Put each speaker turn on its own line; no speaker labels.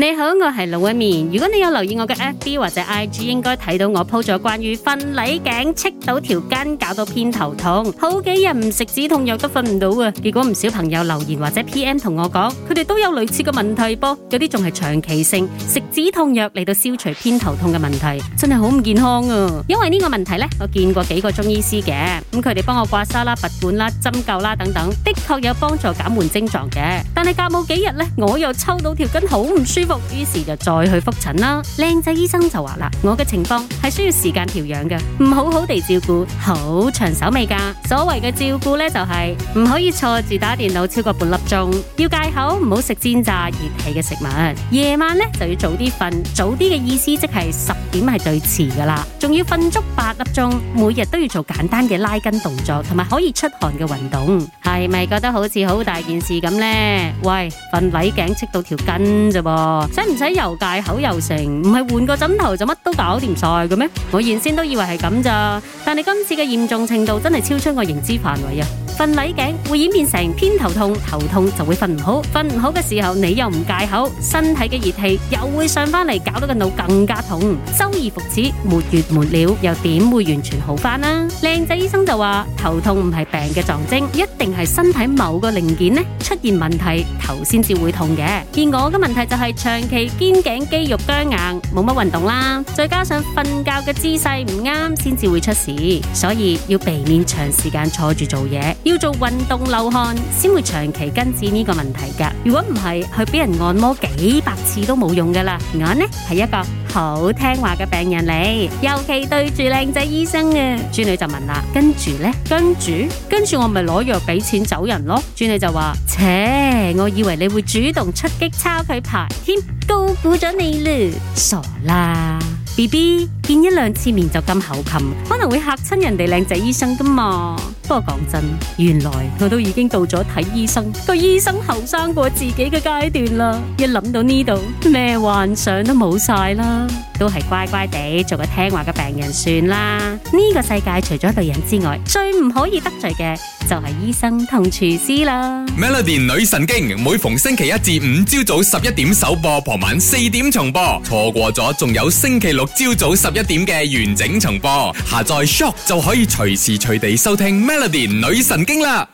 你好，我係龍紋敏。如果你有留意我嘅 F B 或者 I G，應該睇到我鋪咗關於瞓禮頸戚到條筋，搞到偏頭痛，好幾日唔食止痛藥都瞓唔到啊。結果唔少朋友留言或者 P M 同我講，佢哋都有類似嘅問題噃。有啲仲係長期性食止痛藥嚟到消除偏頭痛嘅問題，真係好唔健康啊。因為呢個問題呢，我見過幾個中醫師嘅，咁佢哋幫我刮痧啦、拔罐啦、針灸啦等等，的確有幫助減緩症狀嘅。但係隔冇幾日呢，我又抽到條筋，好唔舒服。於是就再去復診啦，靚仔醫生就話啦，我嘅情況係需要時間調養嘅，唔好好地照顧，好長手尾噶所謂嘅照顧呢，就係唔可以坐住打電腦超過半粒鐘，要戒口，唔好食煎炸熱氣嘅食物。夜晚呢，就要早啲瞓，早啲嘅意思即係十點係最遲噶啦，仲要瞓足八粒鐘，每日都要做簡單嘅拉筋動作，同埋可以出汗嘅運動。係咪覺得好似好大件事咁呢？喂，瞓矮頸戚到條筋啫噃，使唔使又戒口又成？唔係換個枕頭就乜都搞掂晒嘅咩？我原先都以為係咁咋，但你今次嘅嚴重程度真係超出我認知範圍啊！瞓禮頸會演變成偏頭痛，頭痛就會瞓唔好，瞓唔好嘅時候你又唔戒口，身體嘅熱氣又會上翻嚟，搞到個腦更加痛，周而復始，沒完沒了，又點會完全好翻啊？靚仔醫生就話頭痛唔係病嘅狀徵，一定係身體某個零件呢出現問題，頭先至會痛嘅。而我嘅問題就係、是、長期肩頸肌肉僵硬，冇乜運動啦，再加上瞓覺嘅姿勢唔啱，先至會出事，所以要避免長時間坐住做嘢。要做運動流汗先會長期根治呢個問題噶，如果唔係，去俾人按摩幾百次都冇用噶啦。我呢係一個好聽話嘅病人嚟，尤其對住靚仔醫生啊。朱女就問啦，跟住呢？跟住，跟住我咪攞藥俾錢走人咯？朱女就話：切，我以為你會主動出擊抄佢牌添，高估咗你啦，傻啦，BB。寶寶見一兩次面就咁口琴，可能會吓親人哋靚仔醫生噶嘛？不過講真，原來我都已經到咗睇醫生個醫生後生過自己嘅階段啦。一諗到呢度，咩幻想都冇晒啦，都係乖乖地做個聽話嘅病人算啦。呢個世界除咗女人之外，最唔可以得罪嘅就係醫生同廚師啦。Melody 女神經，每逢星期一至五朝早十一點首播，傍晚四點重播，錯過咗仲有星期六朝早十一點嘅完整重播，下載 Shock 就可以隨時隨地收聽 Melody 女神經啦！